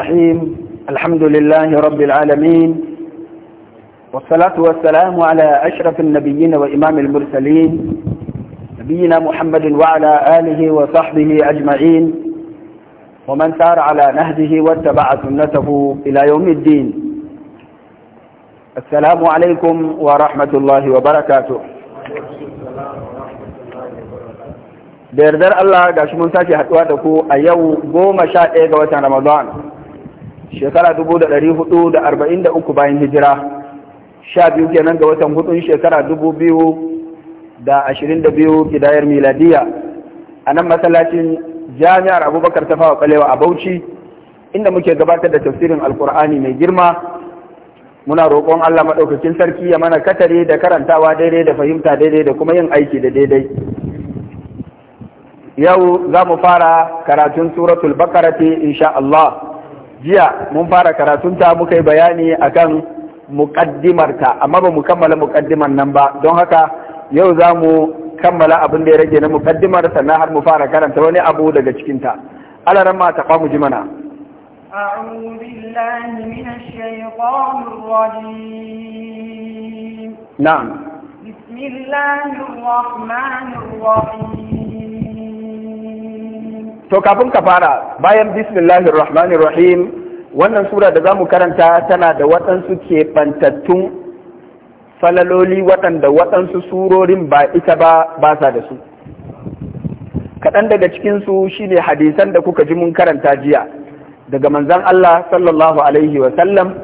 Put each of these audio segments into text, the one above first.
الرحيم الحمد لله رب العالمين والصلاة والسلام على أشرف النبيين وإمام المرسلين نبينا محمد وعلى آله وصحبه أجمعين ومن سار على نهجه واتبع سنته إلى يوم الدين السلام عليكم ورحمة الله وبركاته da الله Allah ga shi mun sake haɗuwa da ku رمضان shekara dubu da ɗari hudu da arba'in da uku bayan hijira sha biyu kenan ga watan hudun shekara dubu biyu da ashirin da biyu gidayar miladiya a nan masallacin jami'ar abubakar ta fawa ƙalewa a bauchi inda muke gabatar da tafsirin alkur'ani mai girma muna roƙon allah maɗaukakin sarki ya mana katare da karantawa daidai da fahimta daidai da kuma yin aiki da daidai yau za mu fara karatun suratul bakarati insha Allah jiya mun fara karatunta muka yi bayani akan muƙaddimarta amma ba mu kammala mukaddimar nan ba don haka yau za mu kammala abin da ya rage na mukaddimar sannan har mu fara karanta wani abu daga cikinta alaran ma ta kwamu ji mana to kafin ka fara bayan bismillahir wannan sura da za mu karanta tana da waɗansu keɓantattun falaloli waɗanda waɗansu surorin ba ita ba ba sa da su kaɗan daga cikinsu shine hadisan da kuka ji mun karanta jiya daga manzan Allah sallallahu alaihi wasallam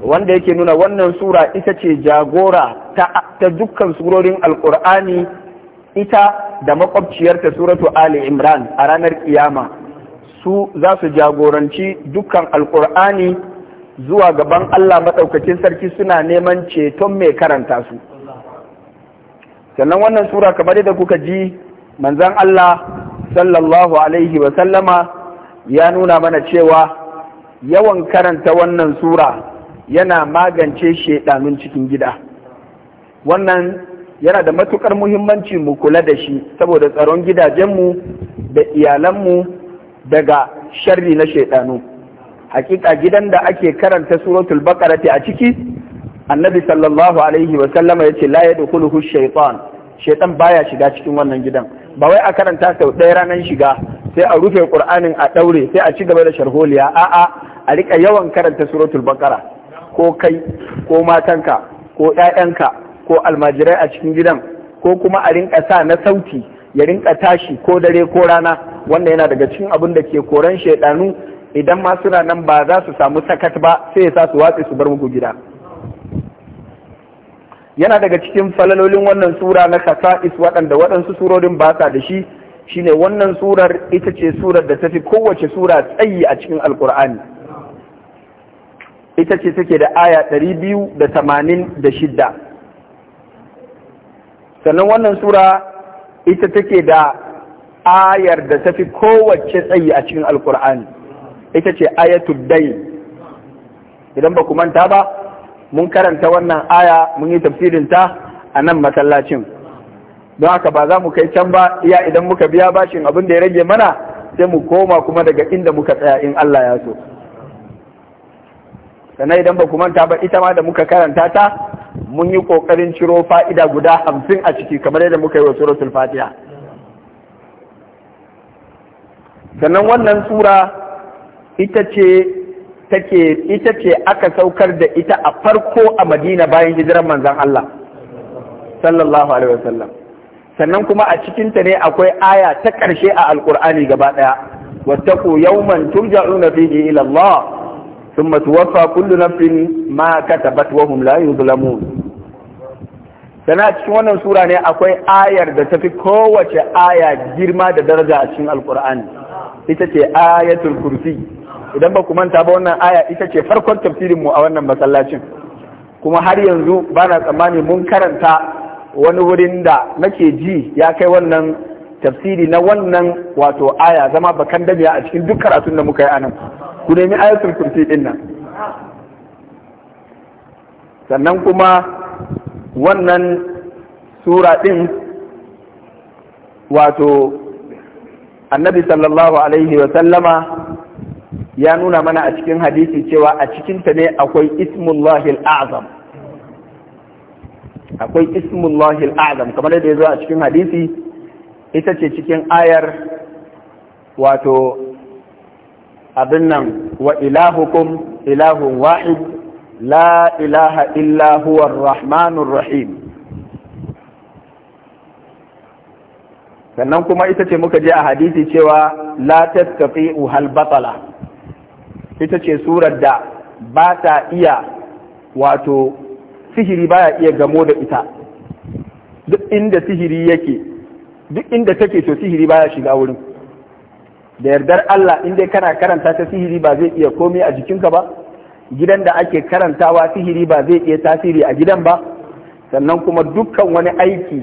wanda yake nuna wannan sura ita ce jagora ta, ta dukkan surorin alƙur'ani ita da maƙwabciyarta suratu Ali Imran a ranar ƙiyama su za su jagoranci dukkan alkur'ani zuwa gaban Allah maɗaukacin sarki suna neman ceton mai karanta su sannan wannan sura kamar da kuka ji manzan Allah sallallahu alaihi wasallama ya nuna mana cewa yawan karanta wannan sura yana magance shaidanun cikin gida wannan yana da matukar muhimmanci mu kula da shi saboda tsaron gidajenmu da iyalanmu daga sharri na shaidanu hakika gidan da ake karanta suratul baqarati a ciki annabi sallallahu alaihi wa sallama yace la yadkhuluhu shaytan shaytan baya shiga cikin wannan gidan ba wai a karanta sau ɗaya ranar shiga sai a rufe ƙur'anin a ɗaure sai a ci gaba da sharholiya a'a a rika yawan karanta suratul baqara ko kai ko matanka ko ƴaƴanka ko almajirai a cikin gidan ko kuma a rinka sa na sauti ya rinka tashi ko dare ko rana wanda yana daga cikin abin da ke koran shaidanu idan ma suna nan ba za su samu sakat ba sai ya sa su watse su bar muku gida yana daga cikin falalolin wannan sura na kasa'is waɗanda waɗansu surorin ba sa da shi shine wannan surar ita ce surar da tafi kowace sura tsayi a cikin alkur'ani ita ce take da aya ɗari biyu da da shidda. sannan wannan sura ita take da ayar da tafi kowace tsayi a cikin alkur'ani ita ce ayatu idan ba ku manta ba mun karanta wannan aya mun yi tafsirin ta a nan masallacin don haka ba za mu kai can ba iya idan muka biya bashin abin da ya rage mana sai mu koma kuma daga inda muka tsaya in Allah ya so sannan idan ba ku manta ba ita ma da muka karanta ta mun yi kokarin ciro fa'ida guda hamsin a ciki kamar yadda muka yi wa suratul fatiha sannan wannan sura ita ce take ita ce aka saukar da ita a farko a madina bayan hijirar manzan Allah sallallahu alaihi wasallam sannan kuma a cikinta ne akwai aya ta ƙarshe a alƙur'ani gaba ɗaya wattaku yawman turja'una fihi ila Allah ثم توفى كل نفس ما كتبت وهم لا يظلمون sana cikin wannan sura ne akwai ayar da tafi kowace aya girma da daraja a cikin alkur'ani ita ce ayatul kursi idan ba ku manta ba wannan aya ita ce farkon tafsirin mu a wannan masallacin kuma har yanzu ba na tsammani mun karanta wani wurin da nake ji ya kai wannan tafsiri na wannan wato aya zama bakan dabiya a cikin duk karatun da muka yi anan ku nemi ayatul kursi din nan sannan kuma wannan sura din wato annabi sallallahu alaihi wa sallama ya nuna mana a cikin hadisi cewa a cikinta ne akwai ismullahil azam akwai ismullahil azam kamar yadda ya zo a cikin hadisi ita ce cikin ayar wato abin nan wa ilahukum ilahun wahid la ilaha illa huwa rahmanur rahim sannan kuma ita ce muka je a hadisi cewa la tattafi uhal batala ita ce surar da ba ta iya wato sihiri baya iya gamo da ita duk inda sihiri yake duk inda take to sihiri baya shiga wurin da yardar Allah in dai kana karanta ta sihiri ba zai iya komai a jikinka ba gidan da ake karantawa sihiri ba zai iya tasiri a gidan ba sannan kuma dukkan wani aiki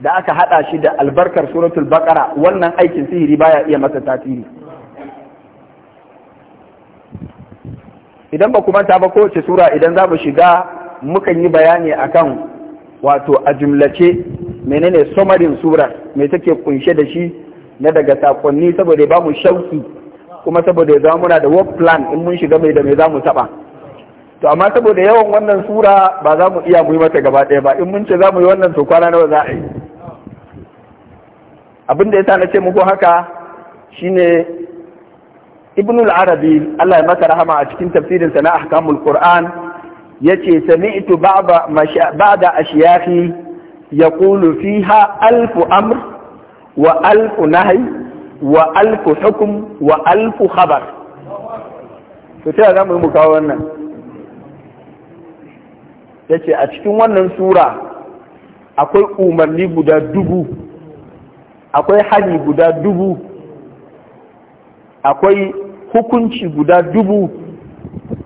da aka hada shi da albarkar suratul baqara wannan aikin sihiri baya iya masa tasiri idan ba ku manta ba kowace sura idan za mu shiga mukan yi bayani akan wato a jumlace menene somarin sura me take kunshe da shi na daga sakonni saboda ba mu shauki kuma saboda ya muna da work plan in mun shiga mai da mai za mu taɓa to amma saboda yawan wannan sura ba za mu iya mu yi mata gaba ɗaya ba in mun ce za mu yi wannan to kwana nawa za a yi abin da yasa na ce muku haka shine ibn arabi Allah ya masa rahama a cikin tafsirin sa na ahkamul qur'an yace sami'tu ba'da ba'da ashiyahi yaqulu fiha alfu amr wa alfu nahi wa alfu hukum wa alfu khabar to sai za mu yi mu kawo wannan yace a cikin wannan sura akwai umarni guda dubu akwai hali guda dubu akwai hukunci guda dubu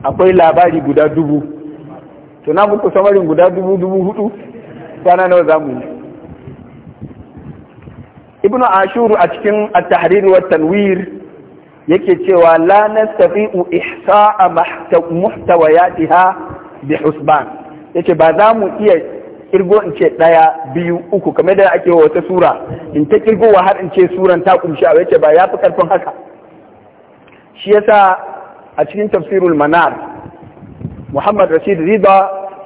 akwai labari guda dubu to na muku samarin guda dubu dubu hudu kwana nawa za mu yi ibn ashuru a cikin at-tahrir wa tanwir yake cewa la nastati'u ihsa'a muhtawayatiha bi husban yace ba za mu iya kirgo in ce daya biyu uku kamar da ake wata sura in ta kirgo, wa har in ce suran ta kunshi a yace ba ya fi karfin haka shi yasa a cikin tafsirul manar muhammad rashid Riba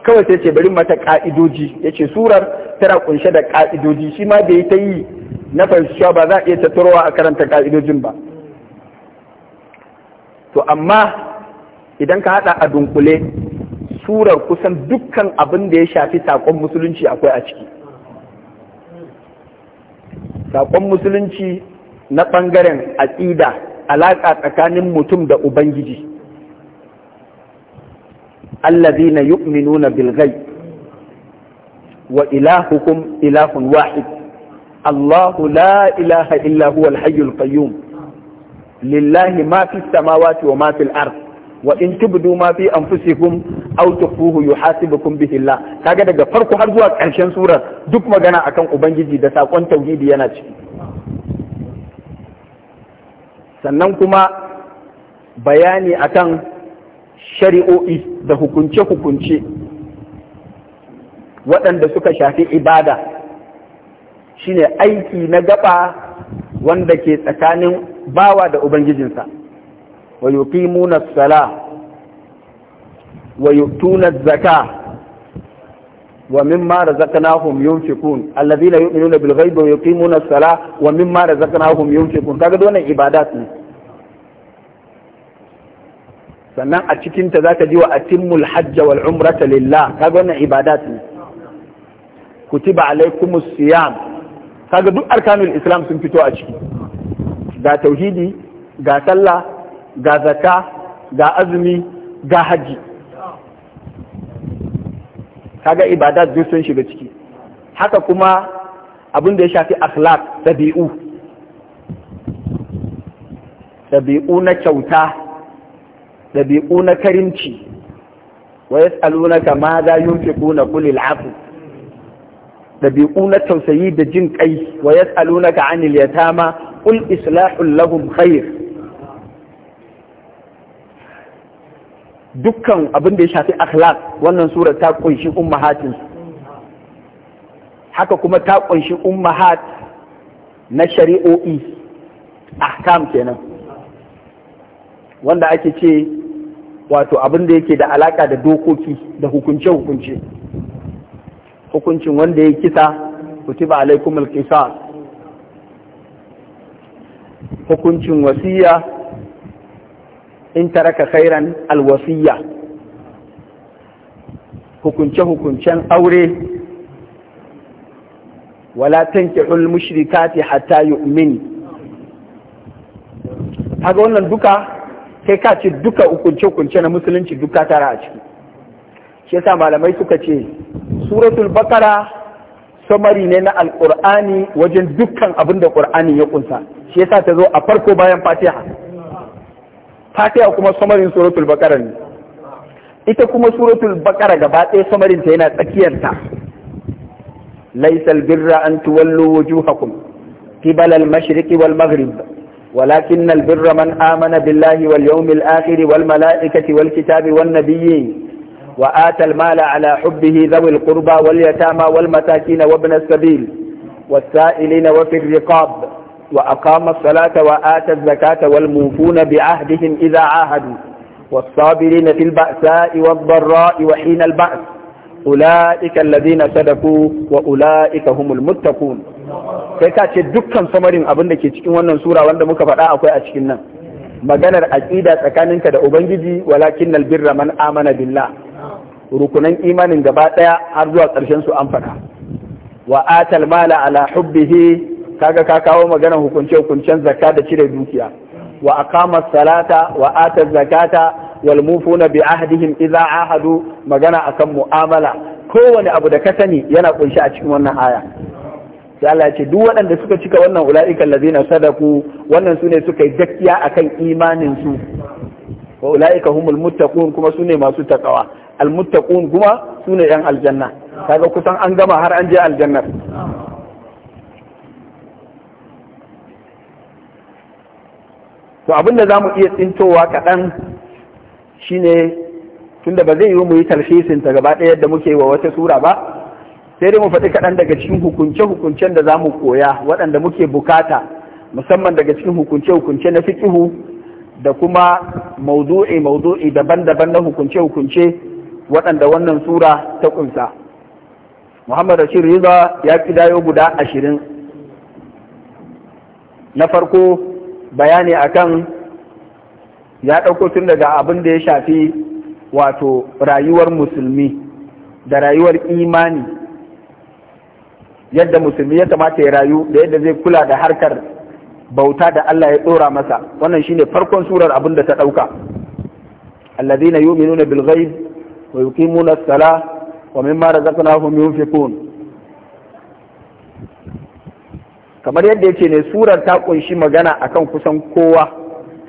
kawai sai ce bari mata ka'idoji ya surar tara kunshe da ka'idoji shi ma bai ta yi na fahimci cewa ba za a iya tattarowa a karanta ka'idojin ba to amma idan ka haɗa a dunkule surar kusan dukkan abin da ya shafi saƙon musulunci akwai a ciki saƙon musulunci na ɓangaren aƙida alaƙa tsakanin mutum da ubangiji allazina yu'minuna bil bilgai. wa ilahukum ilahun wahid Allahu la ilaha illa huwa al-hayyul lillahi ma fi samawati wa ma fil wa in tubdu ma fi anfusikum aw tukhfuhu yuhasibukum bihi Allah kaga daga farko har zuwa ƙarshen surar duk magana akan ubangiji da saƙon tauhidi yana ciki sannan kuma bayani akan shari'o'i da hukunce-hukunce waɗanda suka shafi ibada shine aiki na gaba wanda ke tsakanin bawa da ubangijinsa wa yuqimuna as-sala wa yu'tuna az-zaka wa mimma razaqnahum yunfiqun alladhina yu'minuna bil ghaibi wa yuqimuna as-sala wa mimma razaqnahum yunfiqun kaga wannan ibadat ne sannan a cikin ta zaka ji wa atimmul hajja wal umrata lillah kaga wannan ibadat ne kutiba alaikumus siyam kaga duk arkanul islam sun fito a ciki ga tauhidi ga sallah ga zakka ga azumi ga haji kaga ibada duk sun shiga ciki haka kuma abin da ya shafi akhlaq dabi'u dabi'u na kyauta dabi'u na karimci wa yas'alunaka ma za yunfiquna qul al ɗabi'u na tausayi da jin ƙai wa yas'alunaka 'anil yatama qul islahul lahum khair dukkan abin da ya shafi akhlaq wannan sura ta kunshi ummahatin haka kuma ta kunshi ummahat na shari'o'i ahkam kenan wanda ake ce wato abin da yake da alaƙa da dokoki da hukunce-hukunce hukuncin wanda ya kisa kutiba alaikum alqisas hukuncin wasiya in taraka khairan alwasiya hukunce hukuncen aure wala tankihul mushrikati hatta yu'min haka wannan duka kai ka ce duka hukunce hukunce na musulunci duka tara a ciki shi yasa malamai suka ce suratul bakara samari ne na alƙur'ani wajen dukkan abin da ƙur'ani ya kunsa shi yasa ta zo a farko bayan fatiha fatiha kuma samarin suratul bakara ne ita kuma suratul bakara gaba ɗaya samarin ta yana tsakiyarta laisal birra an tuwallu wujuhakum qibala al-mashriqi wal maghrib billahi wal من آمن wal واليوم wal kitabi والكتاب والنبيين وآتى المال على حبه ذوي القربى واليتامى والمساكين وابن السبيل والسائلين وفي الرقاب وأقام الصلاة وآتى الزكاة والموفون بعهدهم إذا عاهدوا والصابرين في البأساء والضراء وحين البأس أولئك الذين صدقوا وأولئك هم المتقون sai ka ce dukkan samarin abin da ke cikin wannan sura wanda muka faɗa akwai a cikin nan maganar aƙida tsakaninka da ubangiji walakin nalbirra man amana billah rukunan imanin gaba ɗaya har zuwa ƙarshen su an faɗa wa atal mala ala hubbihi kaga ka kawo magana hukunce hukuncen zakka da cire dukiya wa aqama salata wa ata zakata wal mufuna bi ahdihim idza ahadu magana akan mu'amala kowane abu da ka sani yana kunshi a cikin wannan aya sai Allah ya ce duk waɗanda suka cika wannan ula'ika allazina sadaku wannan sune suka yi gaskiya akan imanin su wa ula'ika humul muttaqun kuma sune masu takawa almuttaqun kuma sune yan aljanna kaga kusan an gama har an je aljanna to abin da zamu iya tsintowa kaɗan shine tunda ba zai yi mu yi talhisin ta gaba ɗaya yadda muke wa wata sura ba sai dai mu faɗi kaɗan daga cikin hukunce-hukuncen da za mu koya waɗanda muke bukata musamman daga cikin hukunce-hukunce na fikihu da kuma maudu'i maudu'i daban-daban na hukunce-hukunce waɗanda wannan sura ta ƙunsa muhammad rashid riza ya fi dayo guda ashirin na farko bayani akan ya ɗauko tun daga abin da ya shafi wato rayuwar musulmi da rayuwar imani yadda musulmi ya kamata ya rayu da yadda zai kula da harkar bauta da Allah ya ɗora masa wannan shine farkon surar abin da ta ɗauka alladhina yu'minuna bil wa yuqimuna as wa mimma razaqnahum kamar yadda yake ne surar ta kunshi magana akan kusan kowa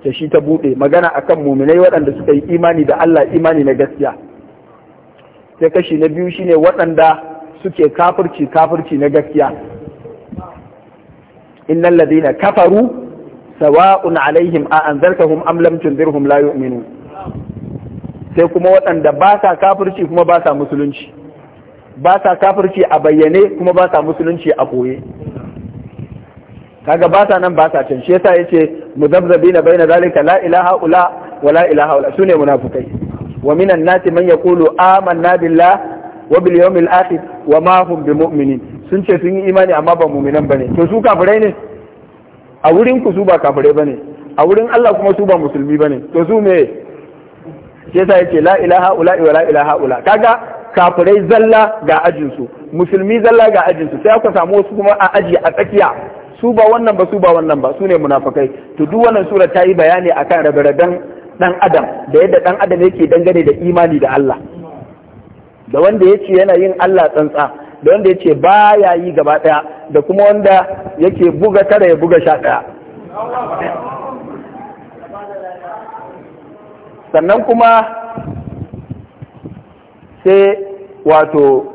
da shi ta bude magana akan muminai waɗanda suka yi imani da Allah imani na gaskiya sai kashi na biyu shine waɗanda suke kafirci kafirci na gaskiya innal ladina kafaru sawa'un alaihim a anzarkahum am lam tunzirhum la yu'minun sai kuma waɗanda ba sa kafirci kuma ba sa musulunci ba sa kafirci a bayyane kuma ba sa musulunci a koye kaga ba sa nan ba sa can shi yasa yace bai na zalika la ilaha ula wa la ilaha ula sune munafikai wa minan nati man yaqulu amanna billah wa bil yawmil akhir wa ma hum bimu'minin sun ce sun yi imani amma ba mu'minan bane to su kafirai ne a wurin ku su ba kafirai bane a wurin Allah kuma su ba musulmi bane to su me shi yasa yace la ilaha ula wa la ilaha ula kaga kafirai zalla ga ajinsu musulmi zalla ga ajinsu su sai aka samu wasu kuma a aji a tsakiya su ba wannan ba su ba wannan ba su ne munafakai to duk wannan sura ta yi bayani akan rabe dan adam da yadda dan adam yake dangane da imani da Allah da wanda yace yana yin Allah tsantsa da wanda yace baya yi gaba daya da kuma wanda yake buga tara ya buga sha daya sannan kuma sai wato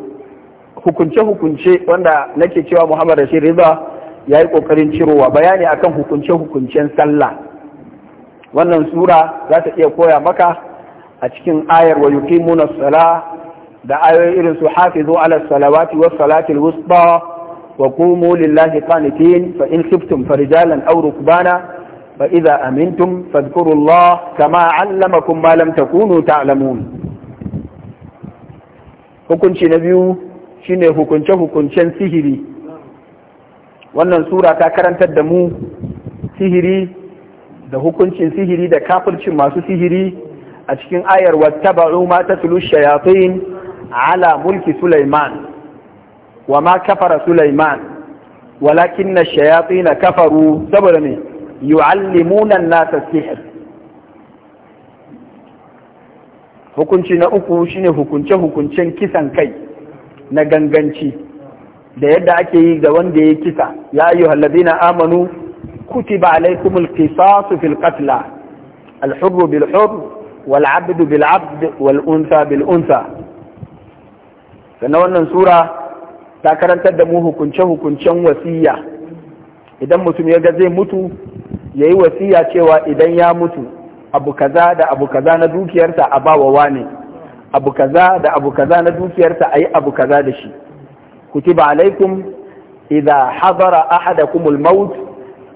hukunce-hukunce wanda nake cewa Muhammad Rashid Riza ya yi ƙoƙarin cirowa bayani akan hukunce-hukuncen sallah wannan sura za ta iya koya maka a cikin ayar wa muna sala da ayoyi irin su hafizu ala salawati was salatil wusta wa kuma lillahi qanitin fa in khiftum farijalan aw rukbana fa idza amintum fadhkurullah kama allamakum ma lam takunu ta'lamun hukunci na biyu shine hukunce hukuncen sihiri wannan sura ta karantar da mu sihiri da hukuncin sihiri da kafircin masu sihiri a cikin ayar wattaba'u ma tatlu shayatin ala mulki Sulaiman wa ma kafara Sulaiman walakinna shayatin kafaru saboda ne yu'allimuna nasa sihr hukunci na uku shine hukunce hukuncen kisan kai na ganganci da yadda ake yi ga wanda ya kisa ya yi ladina amanu kutiba alaykumul qisasu fil qatl al bil hurr wal 'abdu bil 'abd wal bil untha sannan wannan sura ta karantar da mu hukunce-hukuncen wasiya idan mutum ya ga zai mutu ya yi wasiya cewa idan ya mutu abu kaza da abu kaza na dukiyarsa a bawa wane abu kaza da abu kaza na dukiyarsa a yi abu kaza da shi kutiba alaikum idza hadara ahadakumul maut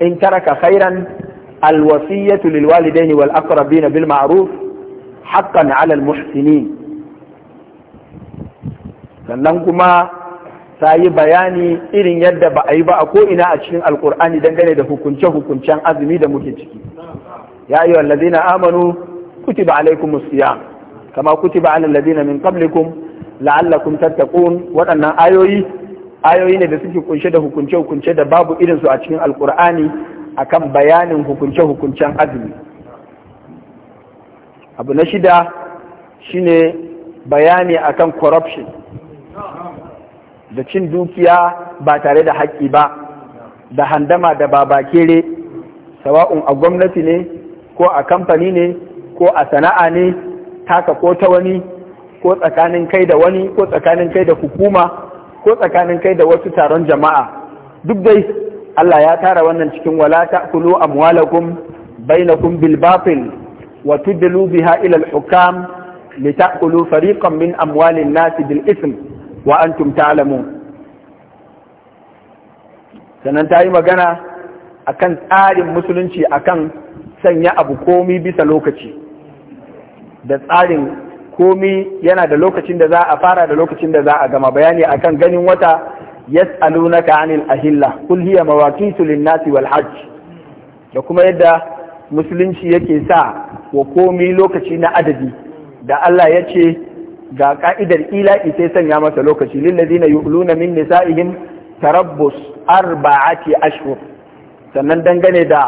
in taraka khairan wal للوالدين والأقربين بالمعروف حقا على المحسنين sannan kuma ta yi bayani irin yadda ba a yi ba a ko'ina a cikin alkur'ani dangane da hukunce-hukuncen azumi da muke ciki ya yi wallazina amanu kutiba alaikum siyam kama kutiba alal ladina min qablikum la'allakum tattaqun waɗannan ayoyi ayoyi ne da suke kunshe da hukunce-hukunce da babu irin su a cikin alkur'ani akan bayanin hukunce-hukuncen azumi abu na shida shine bayani akan corruption da cin dukiya ba tare da haƙƙi ba da handama da ba Kere. sawa'un a gwamnati ne ko a kamfani ne ko a sana'a ne taka ko ta wani ko tsakanin kai da wani ko tsakanin kai da hukuma ko tsakanin kai da wasu taron jama'a duk dai Allah ya tara wannan cikin wala ta'kulu amwalakum bainakum bil batil wa tudlu biha ila hukam li ta'kulu fariqan min amwalin nasi bil ism wa antum ta'lamun sannan ta yi magana akan tsarin musulunci akan sanya abu komi bisa lokaci da tsarin komi yana da lokacin da za a fara da lokacin da za a gama bayani akan ganin wata yas'alunaka anil ahilla kul hiya mawaqitu lin-nasi wal hajj da kuma yadda musulunci yake sa wa komi lokaci na adadi da Allah ya ce ga ka'idar ila'i sai sanya masa lokaci lillazina yu'luna min nisa'ihim tarabbus arba'ati ashhur sannan dangane da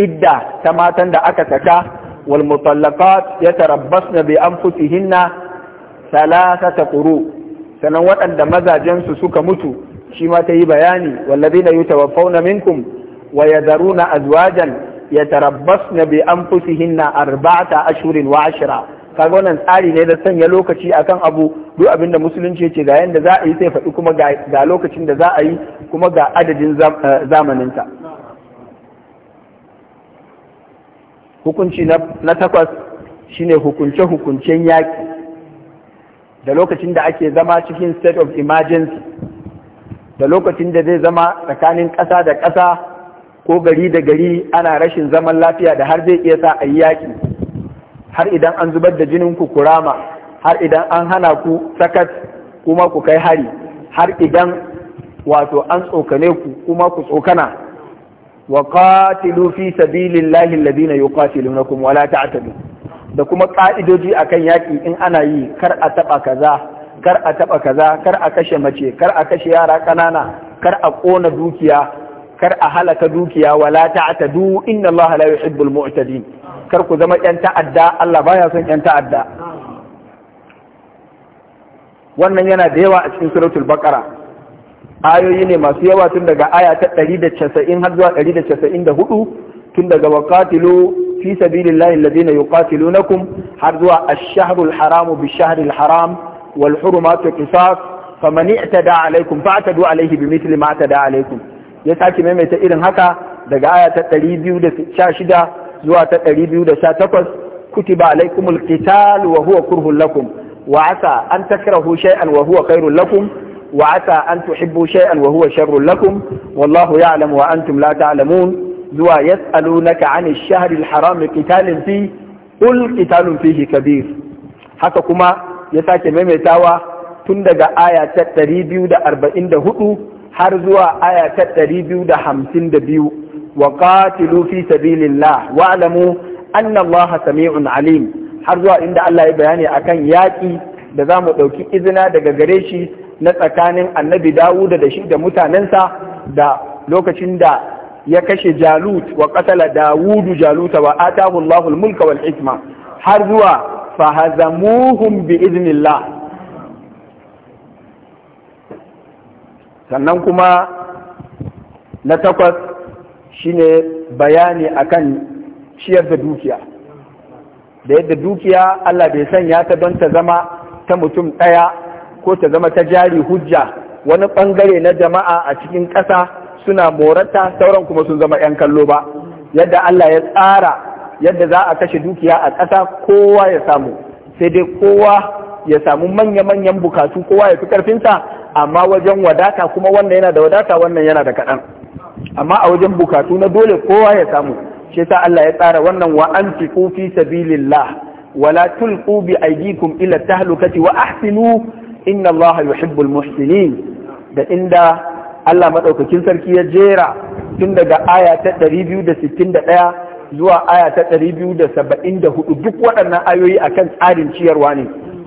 idda ta matan da aka saka wal mutallaqat yatarabbasna bi anfusihinna thalathata quru sannan waɗanda mazajen su suka mutu shi ma ta yi bayani wallazina yutawaffawna minkum wa yadharuna azwajan yatarabbasna bi anfusihinna arba'ata ashhurin wa ashra kaga wannan tsari ne da sanya lokaci akan abu duk abin da musulunci ce ga yanda za a yi sai faɗi kuma ga lokacin da za a yi kuma ga adadin eh, zamaninta hukunci na takwas shine hukunce-hukuncen yaƙi da lokacin da ake zama cikin state of emergency da lokacin da zai zama tsakanin ƙasa da ƙasa ko gari da gari ana rashin zaman lafiya da har zai iya sa a yi yaƙi har idan an zubar da jinin ku kurama har idan an hana ku sakat kuma ku kai hari har idan wato an tsokane ku kuma ku tsokana wa qatilu fi sabilillahi alladhina yuqatilunakum wa la ta'tadu da kuma ka'idoji akan yaki in ana yi kar a taba kaza kar a taba kaza kar a kashe mace kar a kashe yara kanana kar a kona dukiya kar a halaka dukiya wala ta'tadu inna Allah la yuhibbul mu'tadin kar ku zama yan ta'adda Allah baya son yan ta'adda wannan yana da yawa a cikin suratul baqara ayoyi ne masu yawa tun daga aya ta 190 har zuwa 194 tun daga waqatilu fi sabilillahi alladhina yuqatilunakum har zuwa ash-shahrul haram bi shahril haram wal hurumatu qisas faman i'tada alaykum fa'tadu alayhi bimithli ma i'tada alaykum ya sake maimaita irin haka daga aya ta 216 zuwa ta 218 kutiba alaikumul qital wa huwa kurhun lakum wa asa an takrahu shay'an wa huwa khairul lakum wa asa an tuhibbu shay'an wa huwa sharrul lakum wallahu ya'lamu wa antum la ta'lamun zuwa yas'alunaka 'anish shahril haram qitalin fi qul qitalun fihi kabir haka kuma ya sake maimaitawa tun daga aya ta 244 har zuwa aya ta ɗari biyu da hamsin da biyu wa qatilu fi sabilillah wa alamu anna allaha sami'un alim har zuwa inda Allah ya bayani akan yaƙi da za mu ɗauki izina daga gare shi na tsakanin annabi Dawuda da shi da mutanensa da lokacin da ya kashe Jalut wa qatala Dawudu Jaluta wa atahu Allahul mulka wal hikma har zuwa fahazamuhum bi iznillah sannan kuma na takwas shine bayani akan ciyar da dukiya da yadda dukiya Allah bai sanya ta don ta zama ta mutum ɗaya ko ta zama ta jari hujja wani ɓangare na jama'a a cikin ƙasa suna morata sauran kuma sun zama 'yan kallo ba yadda Allah ya tsara yadda za a kashe dukiya a ƙasa kowa ya samu sai dai kowa ya samu manya-manyan bukatu kowa ya fi ƙarfinsa amma wajen wadata kuma wannan yana da wadata wannan yana da kaɗan amma a wajen bukatu na dole kowa ya samu shi sa Allah ya tsara wannan wa anfiqu fi sabilillah wala tulqu bi aydikum ila tahlukati wa ahsinu inna Allah yuhibbul muhsinin da inda Allah madaukakin sarki ya jera tun daga aya ta 261 zuwa aya ta 274 duk waɗannan ayoyi akan tsarin ciyarwa ne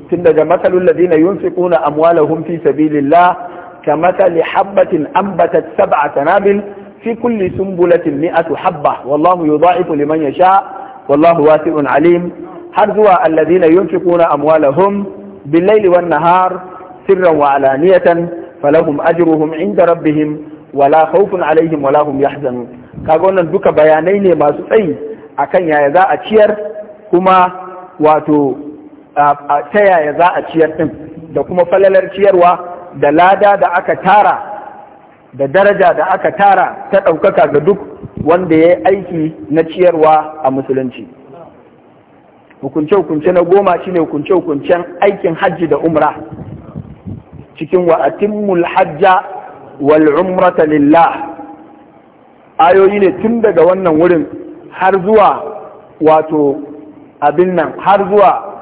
tun daga matsalul ladina yunfiquna amwalahum fi sabilillah kamathali habatin ambatat sab'a sanabil fi kulli sumbulatin mi'atu habba wallahu yudha'ifu liman yasha wallahu wasi'un alim har zuwa alladhina yunfiquna amwalahum bil-laili wan-nahar sirran wa alaniyatan falahum ajruhum 'inda rabbihim wala khawfun 'alayhim wala hum yahzanun kaga wannan duka bayanai ne masu tsayi akan yaya za a ciyar kuma wato ta yaya za a ciyar ɗin da kuma falalar ciyarwa da lada da aka tara da daraja da aka tara ta ɗaukaka ga duk wanda ya yi aiki na ciyarwa a musulunci hukunce-hukunce na goma shi ne hukunce-hukuncen aikin hajji da umra cikin wa mulhajja hajja wal umrata lillah ayoyi ne tun daga wannan wurin har zuwa wato abin nan har zuwa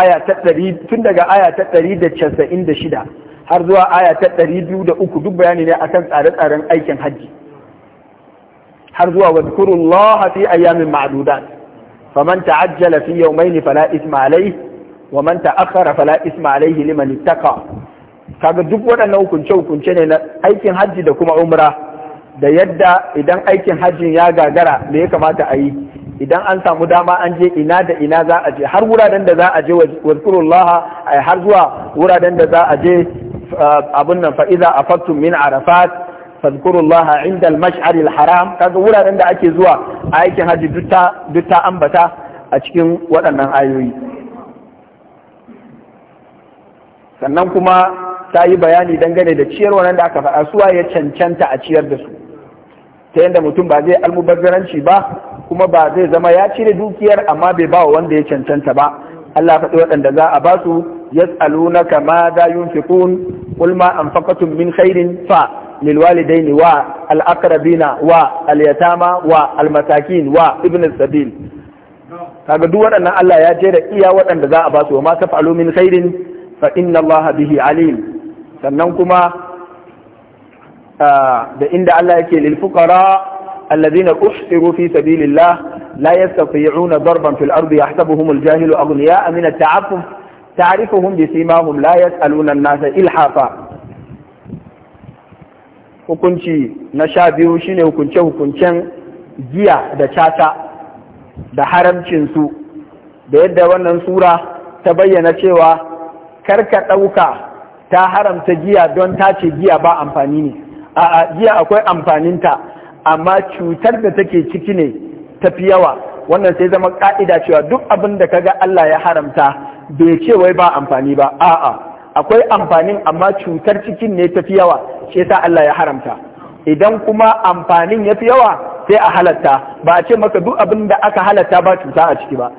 aya ta ɗari tun daga aya ta ɗari da casa'in da shida har zuwa aya ta ɗari biyu da uku duk bayani ne akan tsare-tsaren aikin hajji har zuwa wadkurullah fi ayyamin ma'dudat faman ta'ajjala fi yawmayn fala isma alayhi wa man ta'akhkhara fala isma alayhi liman ittaqa kaga duk waɗannan hukunce hukunce ne na aikin hajji da kuma umra da yadda idan aikin hajji ya gagara me ya kamata a yi idan an samu dama an je ina da ina za a je har wuraren da za a je ay har zuwa wuraren da za a je abun nan fa idza afattum min arafat fadhkurullah inda al-mash'ar al-haram kaga wuraren da ake zuwa a aikin haji duk ta ambata a cikin waɗannan ayoyi sannan kuma ta yi bayani dangane da ciyar wannan da aka faɗa suwa ya cancanta a ciyar da su ta yadda mutum ba zai almubazzaranci ba kuma ba zai zama ya cire dukiyar amma bai ba wanda ya cancanta ba Allah faɗi waɗanda za a ba su yas'alunaka ma da yunfiqun qul ma min khairin fa lil walidaini wa al aqrabina wa al yatama wa al wa ibn sabil kaga duk waɗannan Allah ya jera iya waɗanda za a ba su ma taf'alu min khairin fa inna Allah bihi alim sannan kuma ah, da inda Allah yake lil الذين أحصروا في سبيل الله لا يستطيعون ضربا في الأرض يحسبهم الجاهل أغنياء من التعفف تعرفهم بسيماهم لا يسألون الناس إلحافا hukunci na sha biyu shine hukunce-hukuncen giya da cata da haramcinsu da yadda wannan sura ta bayyana cewa karka ɗauka ta haramta giya don ta ce giya ba amfani ne a giya akwai amfaninta amma cutar da take ciki ne tafi yawa wannan sai zama ka'ida cewa duk abin da kaga Allah ya haramta bai ce wai ba amfani ba a'a akwai amfanin amma cutar cikin ne tafi yawa ce ta Allah ya haramta idan kuma amfanin ya fi yawa sai a halatta ba a ce maka duk abin da aka halatta ba cuta a ciki ba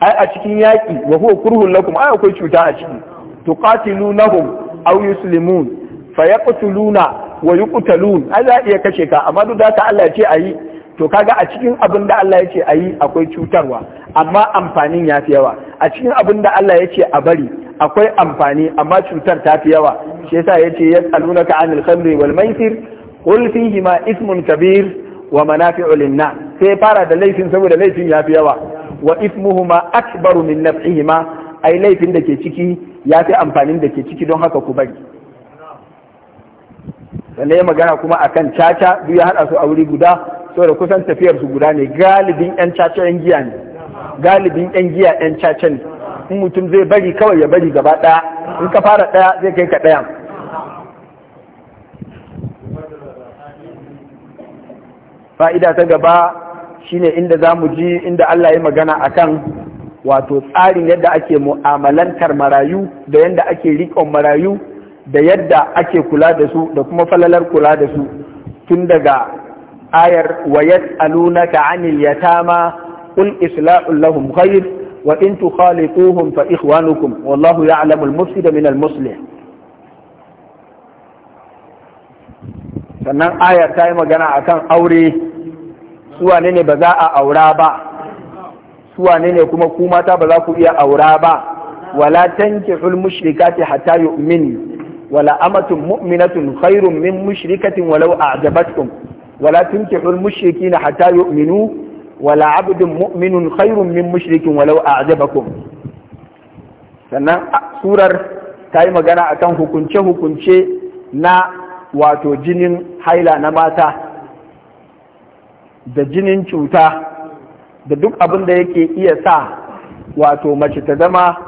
ai a cikin yaƙi wa huwa kurhun lakum ai akwai cuta a ciki tuqatilunahum aw yuslimun fayaqtuluna wayu kutalun ai za iya kashe ka amma duk da ka Allah ya ce ayi to kaga a cikin abin da Allah ya ce a akwai cutarwa amma amfanin ya fi yawa a cikin abin da Allah ya ce a bari akwai amfani amma cutar ta fi yawa shi yasa ya ce yas'alunaka 'anil khamri wal maisir qul fihi ma ismun kabir wa manafi'u lin sai fara da laifin saboda laifin ya fi yawa wa ismuhuma akbaru min naf'ihima ai laifin da ke ciki ya fi amfanin da ke ciki don haka ku bari sannan yi magana kuma a kan caca duk ya haɗa su a wuri guda saboda kusan tafiyar su guda ne galibin yan caca yan giya ne galibin yan giya yan caca ne in mutum zai bari kawai ya bari gaba ɗaya in ka fara ɗaya zai kai ka ɗaya fa'ida ta gaba shine inda za mu ji inda Allah ya magana a kan wato tsarin yadda ake mu'amalantar marayu da yadda ake riƙon marayu da yadda ake kula da su da kuma falalar kula da su tun daga ayar wa alunaka 'anil yatama qul isla'ul lahum khair wa in tukhaliquhum fa ikhwanukum wallahu ya'lamu al-mufsida min al-muslih sannan ayar ta yi magana akan aure suwane ne ba za a aura ba suwane ne kuma ku mata ba za ku iya aura ba wala tankihul mushrikati hatta yu'minu wala amatun mu'minatun khairun min mushrikatin walau a'jabatkum wala tunkihul mushrikina hatta yu'minu wala abdun mu'minun khairun min mushrikin walau a'jabakum sannan surar tayi magana a kan hukunce-hukunce na wato jinin haila na mata da jinin cuta da duk abin da yake iya sa wato mace ta zama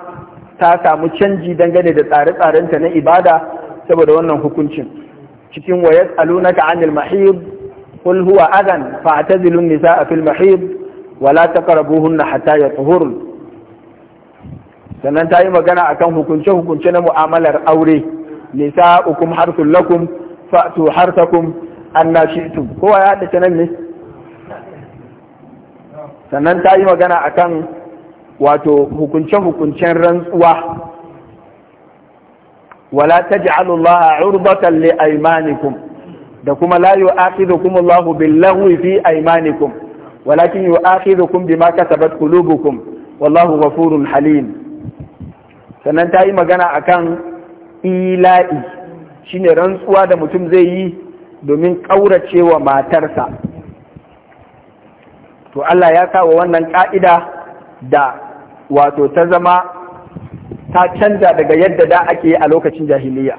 ta samu canji dangane da tsare-tsarenta na ibada saboda wannan hukuncin cikin wa yas'alunaka 'anil mahid qul huwa adan fa'tazilu an-nisaa fil mahid wa la taqrabuhunna hatta yatuhurun sannan ta yi magana akan hukunce-hukunce na mu'amalar aure nisa'ukum harsun lakum fa'tu harsakum anna shi'tum kowa ya hada nan ne sannan ta yi magana akan wato hukunce-hukuncen rantsuwa wala taj'alu Allah urdatan li aymanikum da kuma la yu'akhidukum Allah bil lahwi fi aymanikum walakin yu'akhidukum bima kasabat qulubukum wallahu ghafurun halim sannan ta yi magana akan ila'i shine rantsuwa da mutum zai yi domin kauracewa matarsa to Allah ya kawo wannan ka'ida da wato ta zama ta canza daga yadda da ake yi a lokacin jahiliya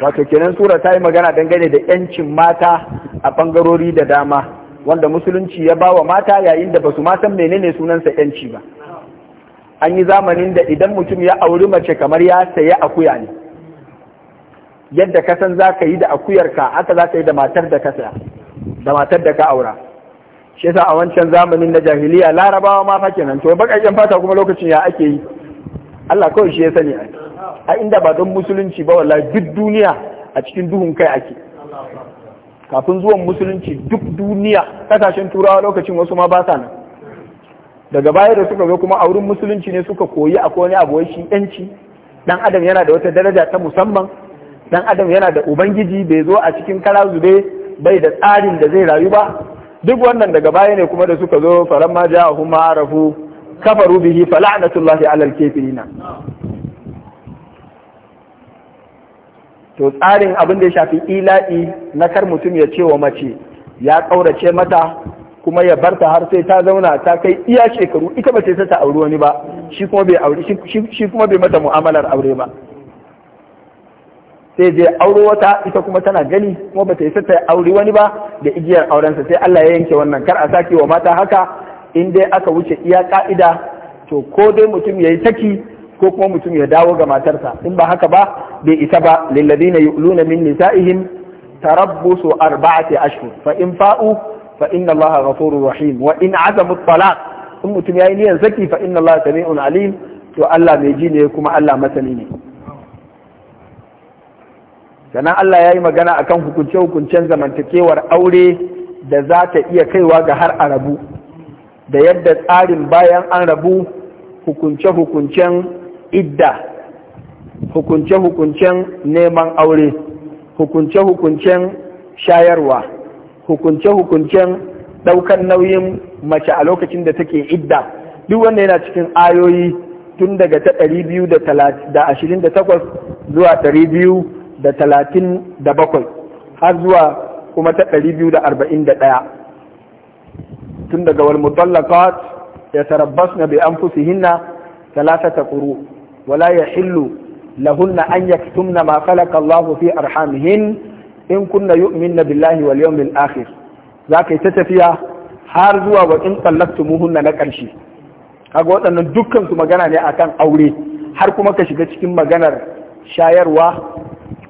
wato kenan sura ta yi magana dangane da yancin mata a bangarori da dama wanda musulunci ya ba wa mata yayin da ba su ma san menene sunansa yanci ba an yi zamanin da idan mutum ya auri mace kamar ya sayi akuya ne yadda ka san za ka yi da akuyarka haka za ka yi da matar da ka aura shi yasa a wancan zamanin na jahiliya larabawa ma fakin nan to baƙaƙen fata kuma lokacin ya ake yi Allah kawai shi ya sani a inda ba don musulunci ba wallahi duk duniya a cikin duhun kai ake kafin zuwan musulunci duk duniya kasashen turawa lokacin wasu ma ba sa nan daga baya da suka ga kuma a wurin musulunci ne suka koyi a wani abu shi yanci dan adam yana da wata daraja ta musamman dan adam yana da ubangiji bai zo a cikin kara zube bai da tsarin da zai rayu ba duk wannan daga baya ne kuma da suka zo faramma hu ma'arafu kafaru bihi fala'natullahi 'alal kafirina to tsarin abin da ya shafi ila'i na kar mutum ya ce wa mace ya ƙaurace mata kuma ya barta har sai ta zauna ta kai iya shekaru ita ba sai ta auri wani ba shi kuma bai mata mu'amalar aure ba sai je auro wata ita kuma tana gani kuma bata yi ta aure wani ba da igiyar aurensa sai Allah ya yanke wannan kar a sake wa mata haka in dai aka wuce iya ka'ida to ko dai mutum yayi saki ko kuma mutum ya dawo ga matarsa in ba haka ba bai isa ba lilladina yu'luna min nisa'ihim tarabbusu arba'ati ashhur fa in fa'u fa inna Allah ghafurur rahim wa in azamu talaq in mutum yayi niyyar saki fa inna Allah sami'un alim to Allah mai ji ne kuma Allah masani ne sannan Allah ya yi magana akan hukunce-hukuncen zamantakewar aure da za ta iya kaiwa ga har a rabu da yadda tsarin bayan an rabu hukunce-hukuncen idda hukunce-hukuncen neman aure hukunce-hukuncen shayarwa hukunce-hukuncen ɗaukan nauyin mace a lokacin da take idda duk wanda yana cikin ayoyi tun daga ta 228 zuwa biyu. da talatin da bakwai har zuwa kuma ta ɗari biyu da arba'in da ɗaya tun daga wal mutallakat ya tarabbas na bai an fusi hinna talata ta kuru wala ya hillu lahunna an yaktumna ma khalaqa Allah fi arhamihin in kunna yu'minna billahi wal yawmil akhir zaka yi ta tafiya har zuwa wa in tallaqtumuhunna na ƙarshe kaga waɗannan dukkan su magana ne akan aure har kuma ka shiga cikin maganar shayarwa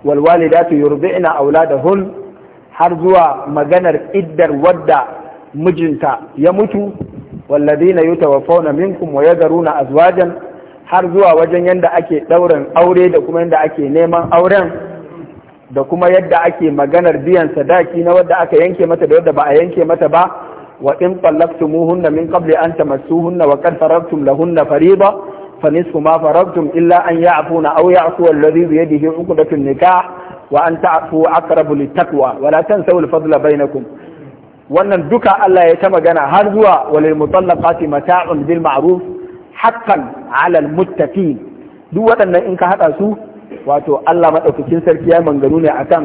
walwalidatu yurdi'na hul. har zuwa maganar iddar wadda mijinta ya mutu walladina yutawaffawna minkum wa yadharuna azwajan har zuwa wajen yadda ake ɗaurin aure da kuma yadda ake neman auren da kuma yadda ake maganar biyan sadaki na wadda aka yanke mata da wadda ba a yanke mata ba wa in tallaqtumuhunna min qabli an tamassuhunna wa qad farartum lahunna fariida fa nisfu ma faradtum illa an ya'funa aw ya'fu alladhi bi yadihi 'uqdatun nikah wa an ta'fu aqrabu littaqwa wa la wannan duka Allah ya ta magana har zuwa walil mutallaqati mata'un bil ma'ruf haqqan 'ala al-muttaqin duk waɗannan in ka hada su wato Allah madaukakin sarki ya manganu ne akan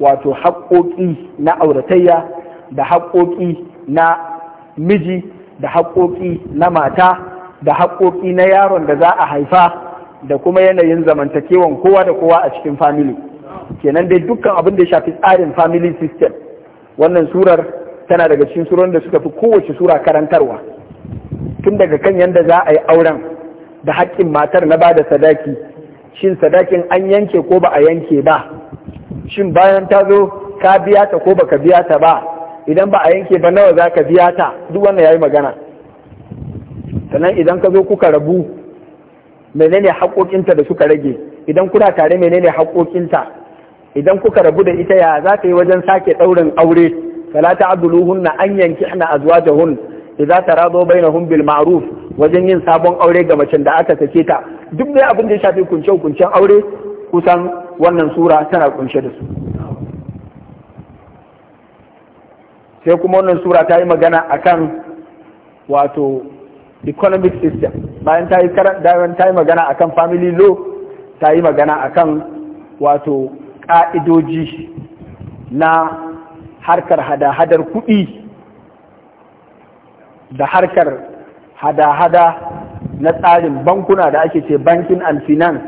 wato haƙoƙi na auratayya da haƙoƙi na miji da haƙoƙi na mata da haƙoƙi na yaron da za a haifa da kuma yanayin zamantakewan kowa da kowa a cikin family kenan dai dukkan abin da ya shafi tsarin family system wannan surar tana daga cikin surar da suka fi kowace sura karantarwa tun daga kan yadda za a yi auren da haƙƙin matar na ba da sadaki shin sadakin an yanke ko ba a yanke ba shin bayan ta zo ka biya ta ko baka biya ta ba idan ba a yanke ba nawa za ka biya ta duk wannan yi magana sannan idan ka zo kuka rabu menene haƙoƙinta da suka rage idan kuna tare menene haƙoƙinta idan kuka rabu da ita ya za ta yi wajen sake ɗaurin aure abduluhun na an ana azuwa azwajahun idza tarado bainahum bil ma'ruf wajen yin sabon aure ga macen da aka sake ta duk dai abin da ya shafi kunce kuncen aure kusan wannan sura tana kunshe da su sai kuma wannan sura ta yi magana akan wato economic system bayan ta yi ta yi magana akan family law ta yi magana akan wato ka'idoji na harkar hada-hadar kuɗi da harkar hada-hada na tsarin bankuna da ake ce banking and finance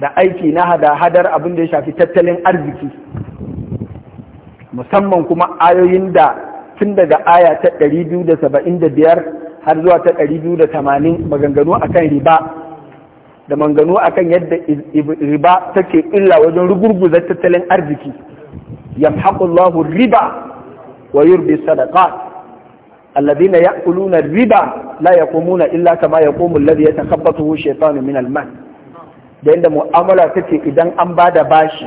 da aiki na hada-hadar abin da ya shafi tattalin arziki musamman kuma ayoyin da tun daga aya ta 275 har zuwa ta 280 maganganu kan riba da a akan yadda riba take illa wajen rugurguza tattalin arziki yamhaqullahu riba wa yurbi sadaqat alladhina ya'kuluna riba la yaqumuna illa kama yaqumu alladhi yatakhabbathu shaytanu min al-mal da yadda mu'amala take idan an bada bashi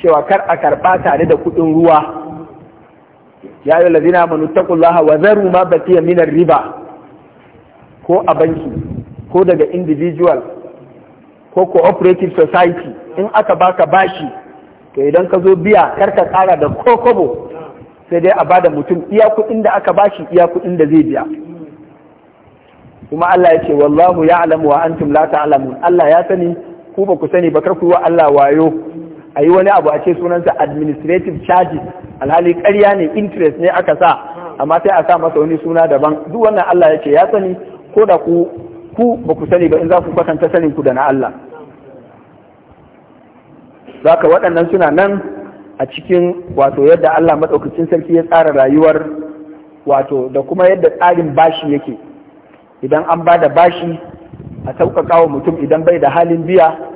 cewa kar a karba tare da kuɗin ruwa ya yi lazina manu laha wa zaru ma baqiya minar riba ko a banki ko daga individual ko cooperative society in aka baka bashi to idan ka zo biya karka kara da kokobo sai dai a bada mutum iya kuɗin da aka bashi iya kuɗin da zai biya kuma Allah ya ce wallahu ya alamu wa antum la alamu Allah ya sani ku ba ku sani ba kar ku wa Allah wayo a yi wani abu a ce sunansa administrative charges alhali karya ne interest ne aka sa amma sai a sa masa wani suna daban duk wannan Allah ya ce ya sani ko da ku ku ba ku sani ba in za ku kwatanta sanin ku da na Allah zaka waɗannan suna nan a cikin wato yadda Allah maɗaukacin sarki ya tsara rayuwar wato da kuma yadda tsarin bashi yake idan an ba da bashi a sauƙaƙa wa mutum idan bai da halin biya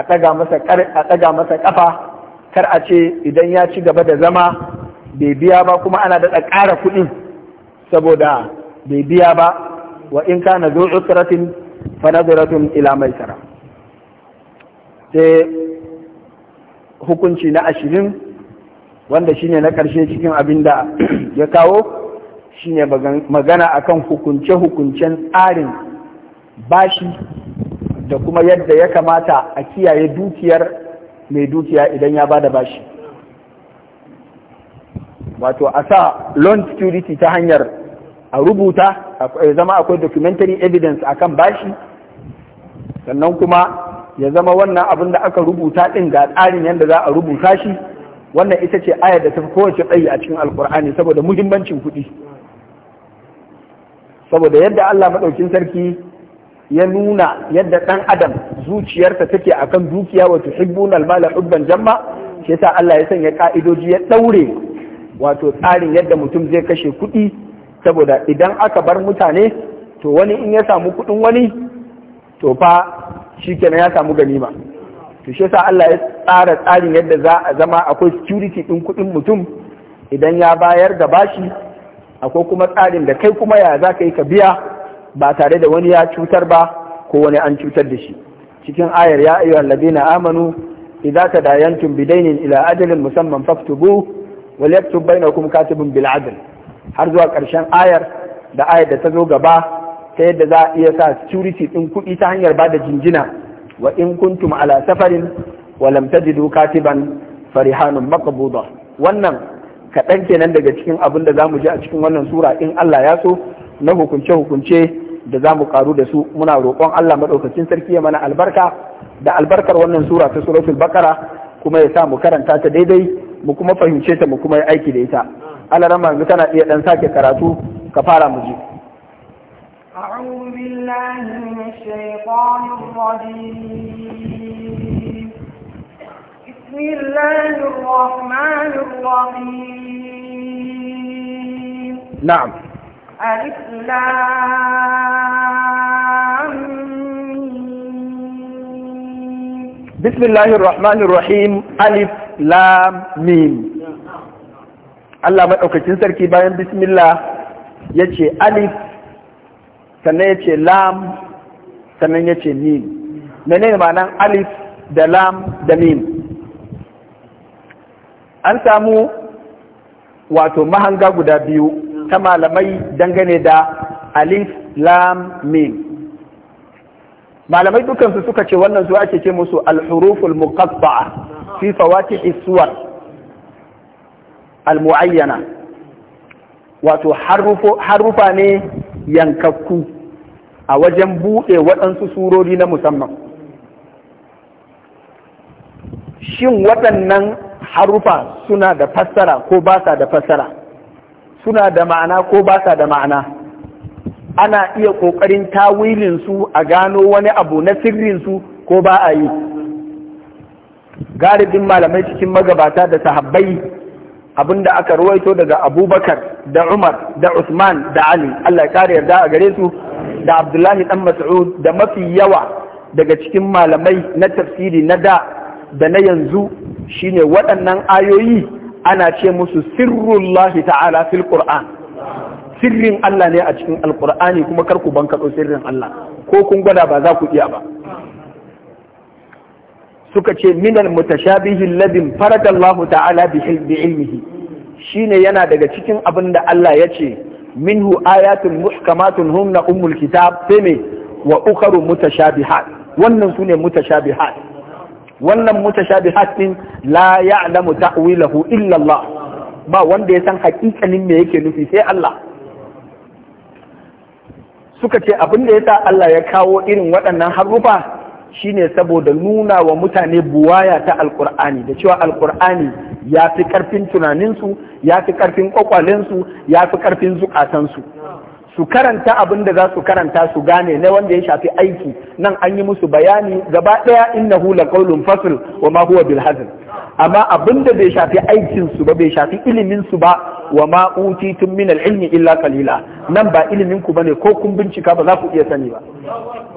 a ɗaga masa ƙafa kar a ce idan ya ci gaba da zama bai biya ba kuma ana daɗa ƙara kuɗi saboda bai biya ba wa in kana zo usratin fa nazaratun ila maisara sai hukunci na ashirin wanda shine na ƙarshe cikin abin da ya kawo shine magana akan hukunce-hukuncen tsarin bashi da kuma yadda ya kamata a kiyaye dukiyar mai dukiya idan ya bada bashi wato a sa loan security ta hanyar a rubuta ya zama akwai documentary evidence akan bashi sannan kuma ya zama wannan abin da aka rubuta ɗin ga tsarin yadda za a rubuta shi wannan ita ce ayar da ta fi kowace tsayi a cikin alkur'ani saboda muhimmancin kuɗi saboda yadda allah maɗaukin sarki ya nuna yadda ɗan adam zuciyarta take kan dukiya wa hibbun almala hubban jamma shi yasa Allah ya sanya ka'idoji ya ɗaure wato tsarin yadda mutum zai kashe kuɗi saboda idan aka bar mutane to wani in ya samu kuɗin wani to fa kenan ya samu ganima to shi yasa Allah ya tsara tsarin yadda za a zama akwai security ɗin kuɗin mutum idan ya bayar da bashi akwai kuma tsarin da kai kuma ya za ka yi ka biya ba tare da wani ya cutar ba ko wani an cutar da shi cikin ayar ya ayyuhal ladina amanu idza tadayantum bidaynin ila ajalin musamman faktubu wal yaktub bainakum katibun bil adl har zuwa karshen ayar da ayar da ta zo gaba ta yadda za a iya sa security din kuɗi ta hanyar bada jinjina wa in kuntum ala safarin wa lam tajidu katiban farihanun maqbuda wannan kaɗan kenan daga cikin abin da za mu ji a cikin wannan sura in Allah ya so na hukunce-hukunce da za mu karu da su muna roƙon Allah maɗaukacin sarki ya mana albarka da albarkar wannan sura ta suratul bakara kuma ya sa mu karanta ta daidai mu kuma fahimce ta mu kuma yi aiki da ita Allah rama yanzu tana iya dan sake karatu ka fara mu ji بسم الله الرحمن الرحيم ألف لام ميم Allah maɗaukacin sarki bayan bismillah ya ce alif sannan ya ce lam sannan ya ce mim ma'anan alif da lam da mim an samu wato mahanga guda biyu ta malamai dangane da alif lam mim malamai dukansu suka ce wannan zuwa ake ce musu al-huruful muqatta'a fi fawatihi suwar al-muayyana wato harufa ne yankakku a wajen buɗe waɗansu surori na musamman shin waɗannan harufa suna da fassara ko ba sa da fassara suna da ma'ana ko ba sa da ma'ana ana iya ƙoƙarin tawilinsu a gano wani abu na sirrin ko ba a yi Garibin malamai cikin magabata da sahabbai abinda aka ruwaito daga abubakar da umar da usman da ali allah ya kare yarda a gare su da abdullahi dan mas'ud da mafi yawa daga cikin malamai na tafsiri na da da na yanzu shine waɗannan ayoyi ana ce musu sirrullahi ta'ala fil qur'an sirrin Allah ne a cikin alqur'ani kuma kar ku bankaɗo sirrin Allah ko kun gwada ba za ku iya ba suka ce minal mutashabihi alladhi farada Allah ta'ala bi ilmihi shine yana daga cikin abin da Allah ya ce minhu ayatun muhkamatun hunna ummul kitab sai wa ukharu mutashabihat wannan sune mutashabihat wannan mutashabihat din la ya'lamu ta'wilahu illa Allah ba wanda ya san hakikanin me yake nufi sai Allah suka ce abin da yasa Allah ya kawo irin waɗannan harufa shine saboda nuna wa mutane buwaya ta alkur'ani da cewa alkur'ani ya fi karfin tunaninsu ya fi karfin kwakwalensu ya fi karfin zukatansu su karanta abin da za su karanta su gane na wanda ya shafi aiki nan an yi musu bayani gaba ɗaya in na fasl wa ma huwa bil hazn amma abin da bai shafi aikin su ba bai shafi ilimin su ba wa ma utitum min ilmi illa qalila nan ba ilimin ku bane ko kun bincika ba za ku iya sani ba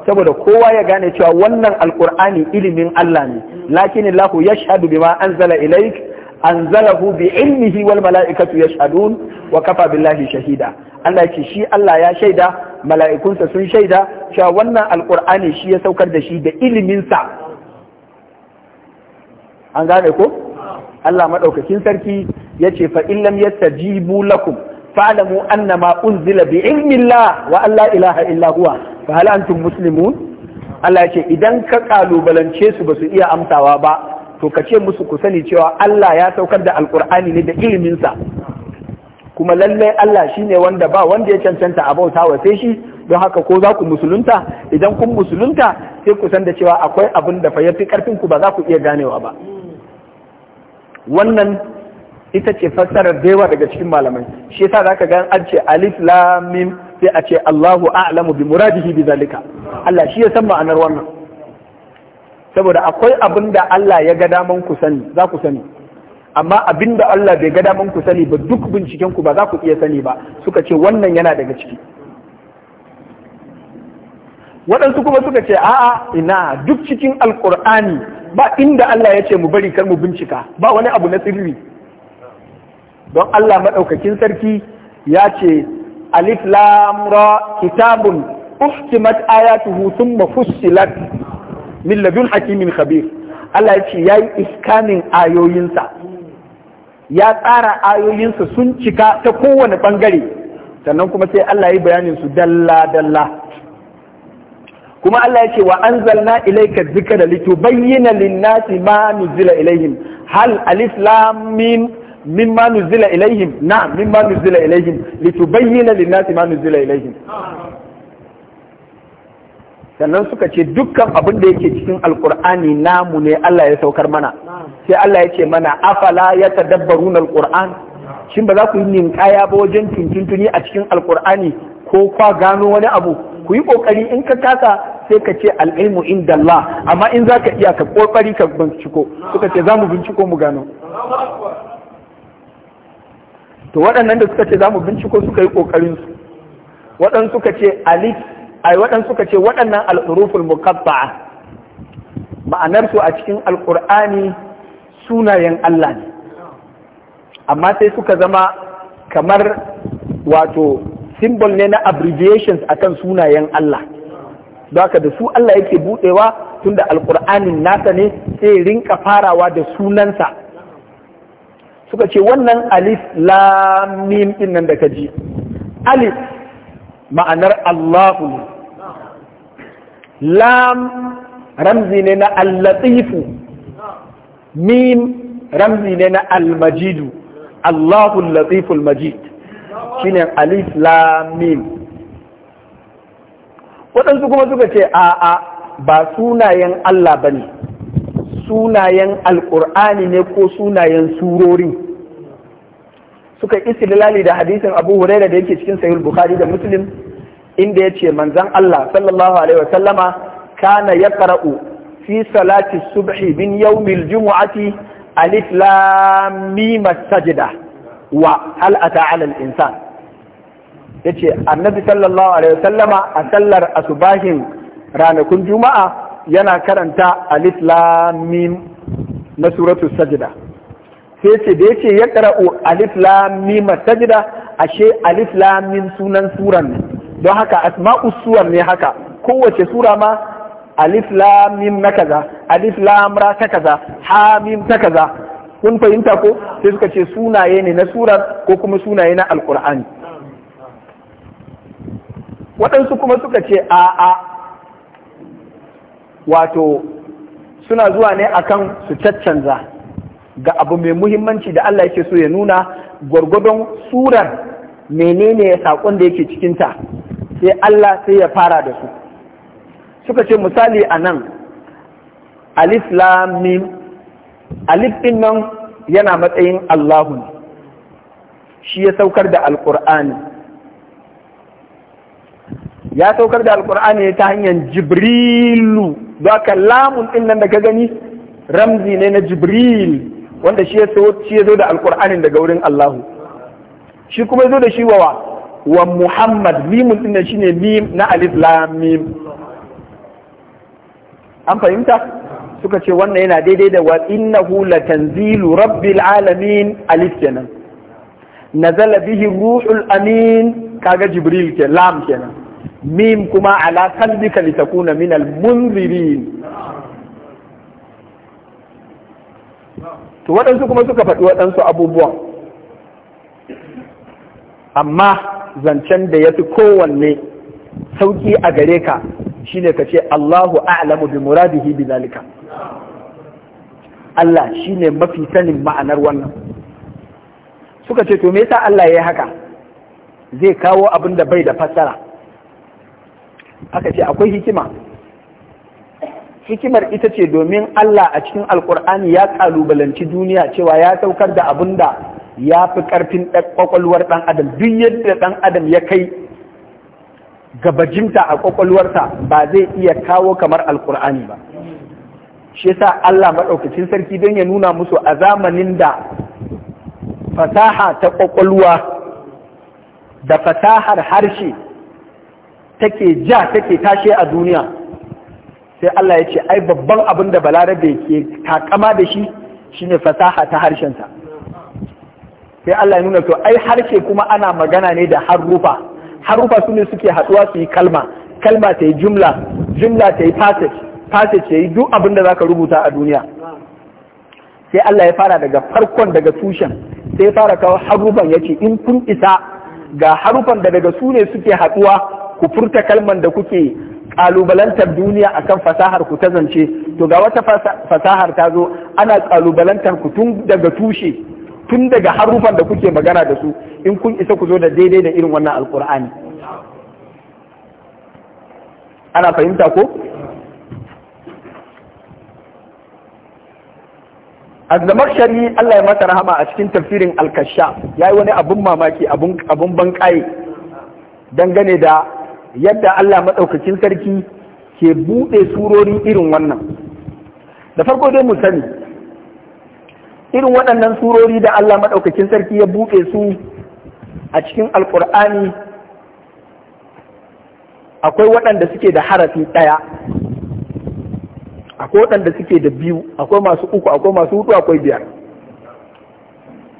saboda kowa ya gane cewa wannan alqur'ani ilimin Allah ne lakin yashadu yashhadu bima anzala ilaik anzalahu bi ilmihi wal mala'ikatu yashhadun wa kafa billahi shahida Allah ce shi Allah ya shaida mala'ikunsa sun shaida cewa wannan Alƙur'ani shi ya saukar da shi da iliminsa an gane ko Allah maɗaukakin sarki ya fa in lam yastajibu lakum fa'lamu annama unzila bi ilmillah wa Allah ilaha illa huwa fa hal antum muslimun Allah ce idan ka ƙalubalance su ba su iya amsawa ba to ka ce musu ku sani cewa Allah ya saukar da alkur'ani ne da iliminsa kuma lallai Allah shi ne wanda ba wanda ya cancanta a bauta wa sai shi don haka ko za ku musulunta idan kun musulunta sai ku san da cewa akwai abin da fa karfin ku ba za ku iya ganewa ba wannan ita ce fassarar da daga cikin malamai shi yasa zaka ga an ce alif lam sai a ce Allahu a'lamu bi muradihi bi zalika Allah shi ya san ma'anar wannan saboda akwai abin da Allah ya ga daman ku sani za ku sani amma abin da Allah bai ga daman ku sani ba duk binciken ku ba za ku iya sani ba suka ce wannan yana daga ciki waɗansu kuma suka ce a'a ina duk cikin alkur'ani ba inda Allah ya ce mu bari kar mu bincika ba wani abu na sirri don Allah maɗaukakin sarki ya ce alif lam ra kitabun uhkimat ayatuhu thumma fussilat min ladun hakimin khabir Allah ya ce ya yayi iskanin ayoyinsa ya tsara ayoyinsa sun cika ta kowane bangare sannan kuma sai Allah ya yi bayanin su dalla dalla kuma Allah ya ce wa anzalna ilayka dhikra litubayyana lin-nasi ma nuzila ilayhim hal alif lam mim mimma nuzila ilayhim na mimma nuzila ilayhim litubayyana lin-nasi ma nuzila ilayhim sannan suka ce dukkan abin da yake cikin alkur'ani namu ne Allah ya saukar mana sai Allah ya ce mana afala ya tadabbaruna alkur'an shin ba za ku yi ninkaya ba wajen tuntuntuni a cikin alkur'ani ko kwa gano wani abu ku yi kokari in ka kasa sai ka ce al'ilmu inda Allah amma in za ka iya ka kokari ka binciko suka ce za mu binciko mu gano to waɗannan da suka ce za mu binciko suka yi kokarin su waɗansu suka ce alif ai waɗansu suka ce waɗannan al'uruful muqatta'a ma'anarsu a cikin alƙur'ani sunayen Allah ne amma sai suka zama kamar wato symbol ne na abbreviations akan sunayen Allah haka da su Allah yake buɗewa tunda alƙur'anin nasa ne sai rinka farawa da sunansa suka ce wannan alif lamim ɗin nan da ka ji alif ma'anar Allahu lam ramzi ne na allatifu mim ramzi ne na almajidu allahu latiful majid shine alif lam mim waɗansu kuma suka ce a'a ba sunayen Allah ba ne sunayen alƙur'ani ne ko sunayen surori suka istilali da hadisin abu huraira da yake cikin sayul bukhari da muslim inda yace manzon Allah sallallahu alaihi wa sallama kana yaqra'u fi salati subhi min yawmil jumu'ati alif lam mim sajda wa hal ata 'ala al-insan yace annabi sallallahu alaihi wa sallama a sallar asubahin ranakun juma'a yana karanta alif lam na suratul sajda sai ce da yace ya qara'u alif lam sajda ashe alif lam sunan suran don haka asma'u suwar ne haka kowace sura ma alif lam mim na kaza alif lam ra ta kaza ha mim ta kaza kun fahimta ko sai suka ce sunaye ne na surar ko kuma sunaye na alqur'ani waɗansu kuma suka ce a a wato suna zuwa ne akan su caccanza ga abu mai muhimmanci da Allah yake so ya nuna gwargwadon surar menene saƙon da yake cikinta sai Allah sai ya fara da su suka ce misali a nan alif lamim nan yana matsayin Allahu shi ya saukar da alƙur'ani ya saukar da alƙur'ani ta hanyar jibrilu ba ka lamun ɗin nan da ka gani ramzi ne na jibril wanda shi ya zo da alƙur'anin daga wurin Allahu shi kuma zo da shi wawa wa Muhammad mimun din shine mim na alif lam mim an fahimta suka ce wannan yana daidai da wa innahu tanzilu rabbil alamin alif kenan nazala bihi ruhul amin kaga jibril ke lam kenan mim kuma ala kalbika litakuna min al munzirin to waɗansu kuma suka faɗi waɗansu abubuwan amma zancen da ya fi kowanne sauƙi a gare ka shine ka ce Allahu a'lamu bi muradihi bi zalika Allah shi ne mafi sanin ma'anar wannan suka ce to me yasa Allah ya yi haka zai kawo abin da bai da fassara aka ce akwai hikima hikimar ita ce domin Allah a cikin alkur'ani ya kalubalanci duniya cewa ya saukar da abin da ya fi ƙarfin ƙwaƙwalwar ɗan adam duk yadda ɗan adam ya kai gabajinta a ƙwaƙwalwarsa ba zai iya kawo kamar alƙur'ani ba shi yasa Allah maɗaukacin sarki don ya nuna musu a zamanin da fasaha ta ƙwaƙwalwa da fasahar harshe take ja take tashe a duniya sai Allah ya ce ai babban abin da balarabe ke takama da shi shine fasaha ta harshensa sai Allah ya nuna to ai harshe kuma ana magana ne da harufa harufa su ne suke haɗuwa su yi kalma kalma ta yi jumla jumla ta yi passage passage ta yi duk abinda da za ka rubuta a duniya sai Allah ya fara daga farkon daga tushen sai fara kawo harufan ya ce in kun isa ga harufan da daga su ne suke haɗuwa ku furta kalman da kuke kalubalantar duniya akan fasahar ku ta zance to ga wata fasahar ta zo ana kalubalantar ku tun daga tushe tun daga harufan da kuke magana da su in kun isa ku zo da daidai da irin wannan alkur'ani ana fahimta ko azzamar shari Allah ya masa rahama a cikin tafsirin alkasha ya yi wani abun mamaki abun bankaye dangane da yadda Allah maɗaukakin sarki ke buɗe surori irin wannan da farko dai mu sani irin waɗannan surori da Allah maɗaukakin sarki ya buɗe su a cikin alƙur'ani akwai waɗanda suke da harafi ɗaya akwai waɗanda suke da biyu akwai masu uku akwai masu hudu akwai biyar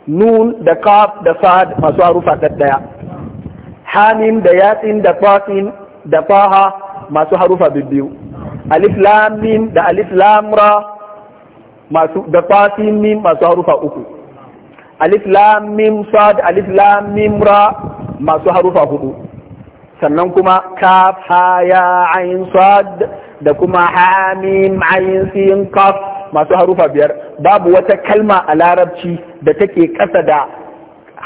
nun da kaf da sad masu harufa ɗaya hamim da yatsin da fasin da faha masu harufa biyu alif lam da alif lamra masu da fatin mim masu harufa uku alif lam mim sad alif lam mim ra masu harufa hudu sannan kuma kaf ha ya ain sad da kuma ha mim ayin sin kaf masu harufa biyar babu wata kalma a larabci da take kasa da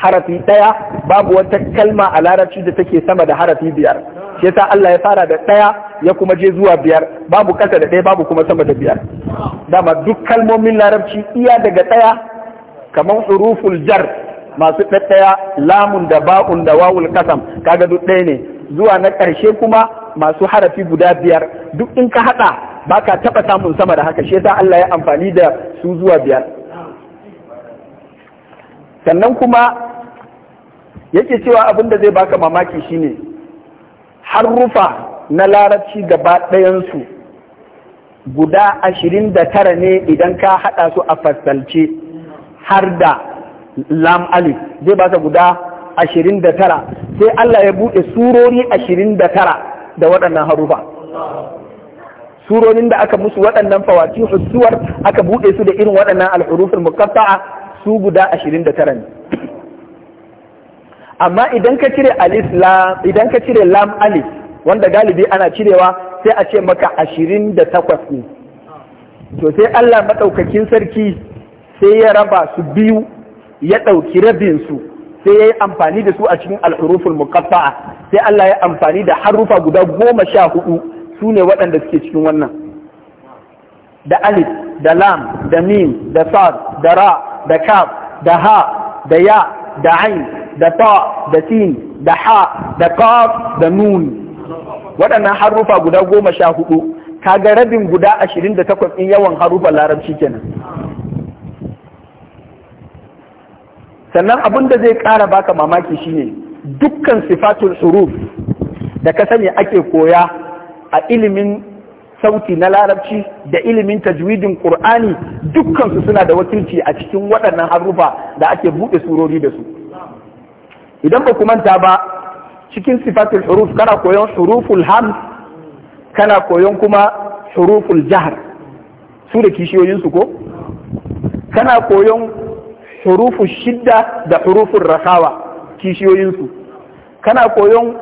harafi daya babu wata kalma a larabci da take sama da harafi biyar shi ta Allah ya fara da ɗaya ya kuma je zuwa biyar babu ƙasa da ɗaya babu kuma sama da biyar dama duk kalmomin larabci iya daga ɗaya kamar huruful jar masu ɗaɗɗaya lamun da ba'un da wawul kasam kaga duk ɗaya ne zuwa na ƙarshe kuma masu harafi guda biyar duk in ka haɗa baka taɓa samun sama da haka shi ta Allah ya amfani da su zuwa biyar sannan kuma yake cewa abin da zai baka mamaki shine harufa na larabci gaba ɗayansu guda ashirin da tara ne idan ka haɗa su a fasalce har da lam alif zai baka guda ashirin da tara sai Allah ya buɗe surori ashirin da tara da waɗannan harufa surorin da aka musu waɗannan fawaci suwar aka buɗe su da irin waɗannan alhurufin muqatta'a su guda ashirin da tara ne amma idan ka cire alif lam idan ka cire lam alif wanda galibi ana cirewa sai a ce maka ashirin da takwas ne to sai Allah maɗaukakin sarki sai ya raba su biyu ya ɗauki rabin su sai ya yi amfani da su a cikin alhuruful muqatta'a sai Allah ya amfani da harufa guda goma sha hudu su ne waɗanda suke cikin wannan da alif da lam da mim da sad da ra da kaf da ha da ya da ain da ta da sin da ha da qaf da nun waɗannan harufa guda goma sha hudu ga rabin guda ashirin da takwas in yawan harufa larabci kenan sannan abin da zai ƙara baka mamaki shine dukkan sifatun suruf da ka sani ake koya a ilimin sauti na larabci da ilimin tajwidin ƙur'ani dukkansu suna da wakilci a cikin waɗannan harufa da ake buɗe surori da su idan ba ku manta ba cikin sifatul huruf kana koyon huruful ham kana koyon kuma huruful jahar su da kishiyoyinsu ko kana koyon huruful shidda da huruful rasawa kishiyoyinsu kana koyon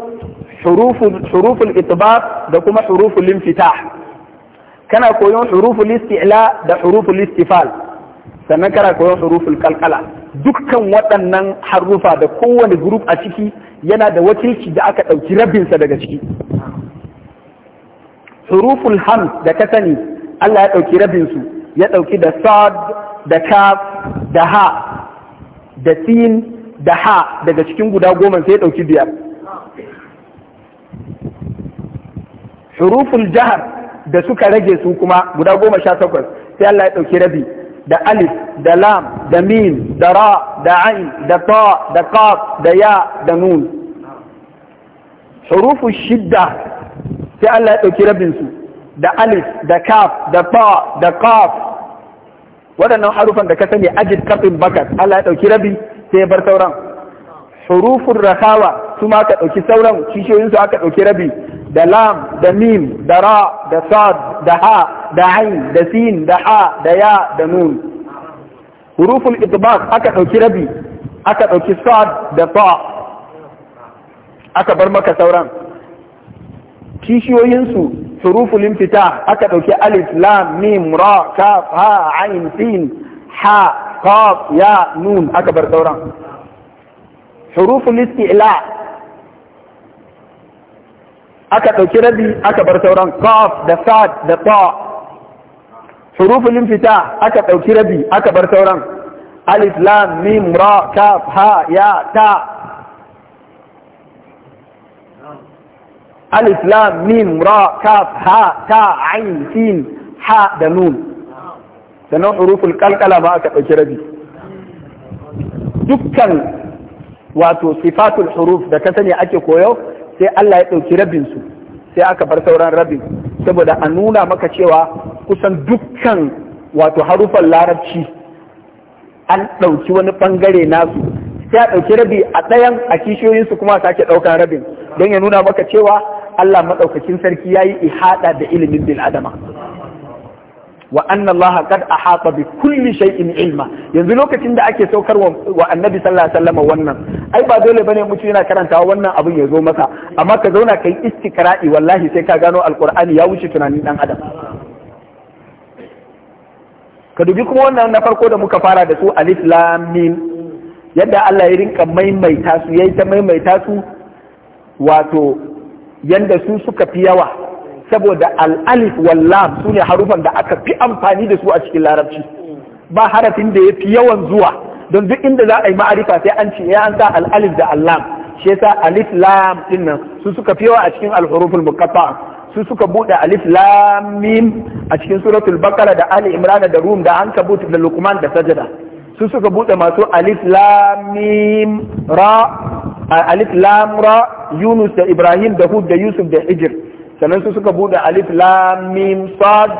huruful itibab da kuma huruful limfita? kana koyon huruful isti'la da huruful istifal sannan kana koyon huruful kalkala dukkan waɗannan harufa da kowane grup a ciki yana da wakilci da aka ɗauki rabinsa daga ciki huruful ham da ka sani Allah ya ɗauki rabinsu ya ɗauki da sad da kaf da ha da sin da ha daga cikin guda goma sai ya ɗauki biyar huruful jahar da suka rage su kuma guda goma sha takwas sai Allah ya ɗauki rabi da alif da lam da mim da ra da ain da ta da kaf da ya da nun hurufu shidda sai Allah ya ɗauki rabin su da alif da kaf da ta da kaf waɗannan harufan da ka sani ajid kafin bakat Allah ya ɗauki rabi sai ya bar sauran hurufun rahawa su ma ka sauran kishiyoyin su aka ɗauki rabi da lam da mim da ra da sad da ha da ain da sin da ha da ya da nun huruful itbaq aka ɗauki rabi aka ɗauki sad da ta aka bar maka sauran kishiyoyinsu huruful fita aka ɗauki alif lam mim ra kaf ha ain sin ha kaf ya nun aka bar sauran huruful isti'la aka ɗauki rabi aka bar sauran qaf da sad da ta hurufin fita aka ɗauki rabi aka bar sauran alif lam mim ra kaf ha ya ta alif lam mim ra kaf ha ta ain sin ha da nun sannan hurufin kalkala ma aka ɗauki rabi dukkan wato sifatul huruf da ka sani ake koyo sai Allah ya ɗauki rabinsu sai aka bar sauran rabin saboda a nuna maka cewa kusan dukkan wato harufan larabci an ɗauki wani ɓangare nasu sai a ɗauki rabi a ɗayan a kishiyoyinsu kuma sake ɗaukan rabin don ya nuna maka cewa Allah maɗaukakin sarki ya yi ihaɗa da ilimin bil adama wa anna Allah kad ahata bi kulli shay'in ilma yanzu lokacin da ake saukar wa annabi sallallahu alaihi wasallam wannan ai ba dole bane mutum yana karanta wannan abin ya zo maka, amma ka zauna kai istiqra'i wallahi sai ka gano alqur'ani ya wuce tunanin dan adam ka dubi kuma wannan na farko da muka fara da su alif lam yadda Allah ya rinka maimaita su yayi ta maimaita su wato yanda su suka fi yawa saboda al alif wal lam sune harufan da aka fi amfani da su a cikin larabci ba harafin da ya fi yawan zuwa don duk inda za a yi ma'arifa sai an ce ya an sa al alif da allam, lam shi yasa alif lam ɗinnan, su suka fi yawa a cikin al huruful muqatta su suka bude alif lam mim a cikin suratul baqara da ali imran da rum da kabut da luqman da sajada su suka bude masu alif lam mim ra alif lam ra yunus da ibrahim da hud da yusuf da hijr sannan su suka bude alif lam mim sad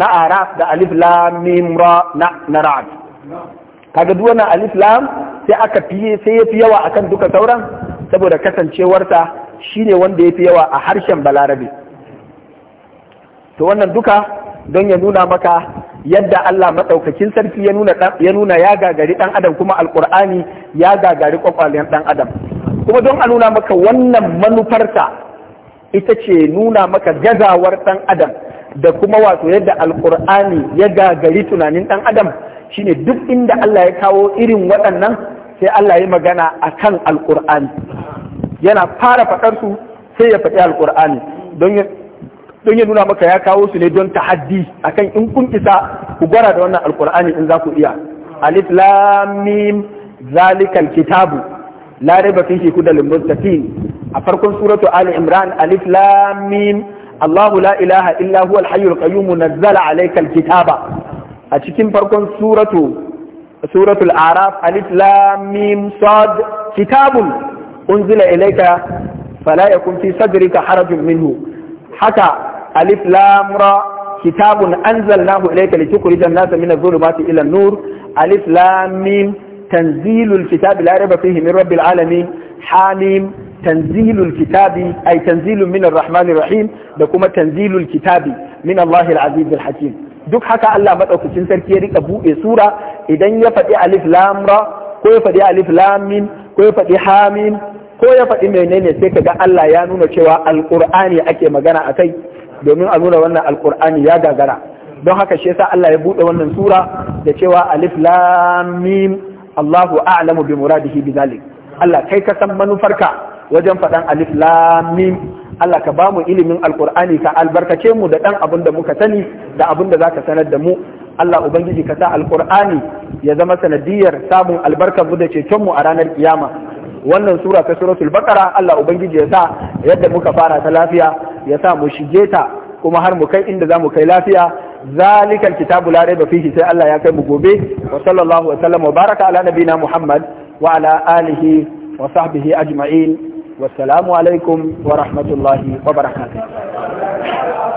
na araf da alif lam mim ra na narad kaga duk wannan alif lam sai aka fiye sai yafi yawa akan duka sauran saboda kasancewarta shine wanda ya fi yawa a harshen balarabe to wannan duka don ya nuna maka yadda Allah maɗaukakin sarki ya nuna ya gagari ɗan adam kuma alƙur'ani ya gagari kwakwalen ɗan adam kuma don a nuna maka wannan manufarta ita ce nuna maka gazawar ɗan adam da kuma wato yadda alƙur'ani ya gagari tunanin ɗan adam shine duk inda Allah ya kawo irin waɗannan sai Allah ya magana akan alƙur'ani yana fara faɗarsu sai ya faɗi alƙur'ani don don ya nuna maka ya kawo su ne don tahaddi akan in kun isa ku gwara da wannan alkur'ani in za ku iya alif lam mim zalikal kitabu la raiba fihi kudal a farkon suratu ali imran alif lam mim Allahu la ilaha illa huwa al-hayyu al-qayyum nazzala alayka kitaba a cikin farkon suratu suratul araf alif lam mim sad kitabun unzila ilayka fala yakun fi sadrika harajun minhu haka alif lam ra kitabun anzalnahu ilayka litukhrijan nasa min adh-dhulumati ila an-nur alif lam mim tanzilul kitabi la raiba fihi min rabbil alamin hamim tanzilul kitabi ay tanzilun min ar-rahmanir rahim da kuma tanzilul kitabi min Allahil azizil hakim duk haka Allah madaukakin sarki ya rika buɗe sura idan ya faɗi alif lam ra ko ya faɗi alif lam mim ko ya faɗi hamim ko ya faɗi menene sai kaga Allah ya nuna cewa alkur'ani ake magana a kai. domin a nuna wannan alkur'ani ya gagara don haka shi yasa Allah ya buɗe wannan sura da cewa alif lam mim Allahu a'lamu bi muradihi bi zalik Allah kai ka san manufarka wajen faɗan alif lam mim Allah ka bamu ilimin alkur'ani ka albarkace mu da ɗan abin da muka sani da abin da zaka sanar da mu Allah ubangiji ka sa alkur'ani ya zama sanadiyar samun albarkar bude da ceton mu a ranar kiyama wannan sura ta suratul baqara Allah ubangiji ya sa yadda muka fara ta lafiya ya sa mu shige ta kuma har mu kai inda zamu kai lafiya zalikal kitabu la raiba fihi sai Allah ya kai mu gobe wa sallallahu wa baraka ala nabina Muhammad wa ala alihi wa sahbihi ajma'in wassalamu alaikum wa rahmatullahi wa barakatuh